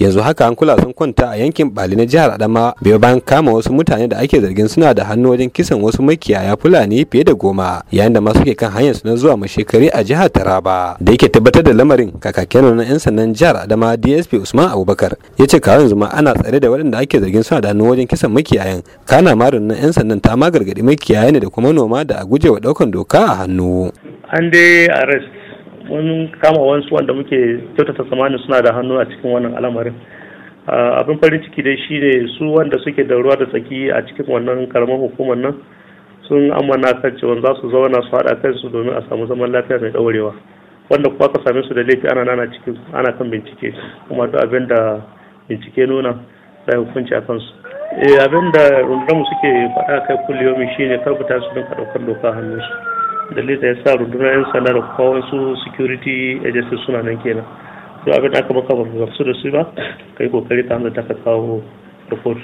yanzu haka an kula sun kwanta a yankin bali na jihar adama biyo bayan kama wasu mutane da ake zargin suna da hannu wajen kisan wasu makiyaya fulani fiye da goma yayin da masu ke kan hanyar na zuwa mashekari a jihar taraba da yake tabbatar da lamarin kakakin na yan sannan jihar adama dsp usman abubakar ya ce kawai yanzu ma ana tsare da waɗanda ake zargin suna da hannu wajen kisan makiyayan kana marin na yan sannan ta ma gargaɗi makiyaya ne da kuma noma da a gujewa ɗaukan doka a hannu an dai arrest mun kama wansu wanda muke kyautata zamani suna da hannu a cikin wannan al'amarin abin farin ciki dai shi ne su wanda suke da ruwa da tsaki a cikin wannan karamar hukumar nan sun amana kan cewa za su zauna su haɗa kansu domin a samu zaman lafiya mai ɗaurewa wanda kuma ka same su da laifi ana nana cikin ana kan bincike kuma duk abin da bincike nuna da hukunci a kansu eh abin da rundunar suke faɗa kai kulliyomi ne karbata su ka ɗaukar doka hannun su. dalilin ya sa rundunar 'yan sanda da kuma wasu security agency suna nan kenan to abin da aka maka ba mu su da su ba kai kokari ka hanzar ka kawo report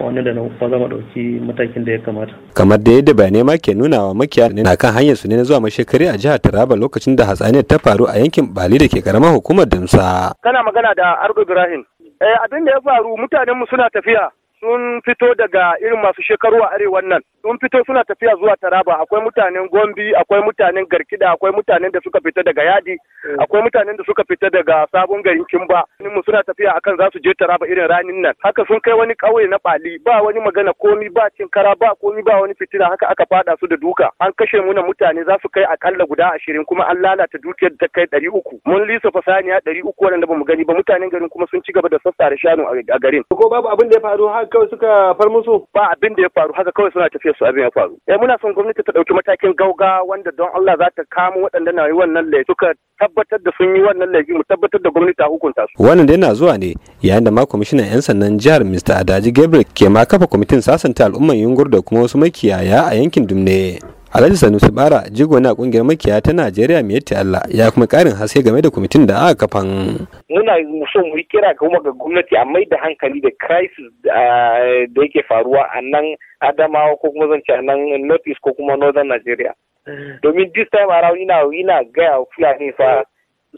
wani da nan kuma zama dauki matakin da ya kamata kamar da yadda bayanai ma ke nuna wa makiya na kan hanyar su ne na zuwa mashekari a jihar Taraba lokacin da hatsaniyar ta faru a yankin Bali da ke karamar hukumar dinsa kana magana da Argo Ibrahim eh abin da ya faru mutanen mu suna tafiya sun fito daga irin masu shekaru a arewan nan sun fito suna tafiya zuwa taraba akwai mutanen gombi akwai mutanen garkida akwai mutanen da suka fita daga yadi eh. akwai mutanen da suka fita daga sabon garin kimba mu suna tafiya akan za su je taraba irin ranin nan haka sun kai wani kauye na bali ba wani magana komi ba cinkara ba komi ba wani fitina haka aka fada su da duka an kashe muna mutane za su kai akalla guda ashirin kuma an lalata dukiyar da kai ɗari uku mun lisa fasaniya ɗari uku wanda ba mu gani ba mutanen garin kuma sun ci gaba da sassare shanu a garin ko babu abin da ya faru haka kawai suka far musu ba abin da ya faru haka kawai suna tafiya da su abin ya faru eh muna son gwamnati ta ɗauki matakin gauga wanda don Allah za ta kamo waɗanda na yi wannan laifi suka tabbatar da sun yi wannan laifi mu tabbatar da gwamnati ta hukunta su wannan dai na zuwa ne yayin da ma kwamishinan yan sannan jihar Mr. Adaji Gabriel ke ma kafa kwamitin sasanta al'umman yungur da kuma wasu makiyaya a yankin Dumne Alhaji Sanusi Bara jigo na kungiyar makiya ta Najeriya mai yatti Allah ya kuma karin haske game da kwamitin da aka kafan. Muna so mu yi kira kuma ga gwamnati a mai da hankali da crisis ah, da yake faruwa a nan Adamawa ko kuma zance a nan North East ko kuma Northern Nigeria. Domin this time around ina ina gaya Fulani fa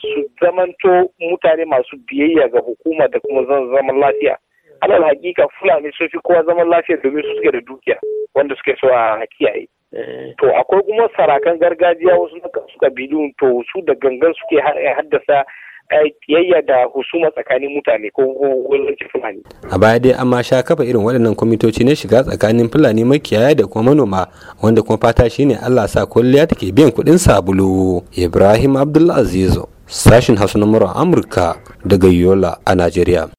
su zamanto mutane masu biyayya ga hukuma da kuma zaman lafiya. Alal hakika Fulani sun fi kowa zaman lafiya domin su suke da dukiya wanda suke so a kiyaye. to akwai kuma sarakan gargajiya wasu na kasu kabilu to su da gangan suke eh, haddasa eh, yayya da husuma tsakanin mutane ko wajen fulani. A baya dai amma sha kafa irin waɗannan kwamitoci na shiga tsakanin fulani makiyaya da kuma manoma wanda kuma fata shi ne Allah sa kwalliya take biyan kuɗin sabulu. Ibrahim Abdullazizu sashin Hausa na Amurka daga Yola a Najeriya.